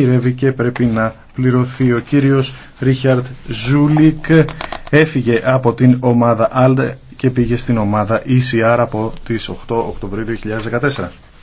χειρεύει και πρέπει να πληρωθεί. Ο κύριος Ρίχαρτ Ζούλικ έφυγε από την ομάδα ALDE και πήγε στην ομάδα ECR από τις 8 Οκτωβρίου 2014.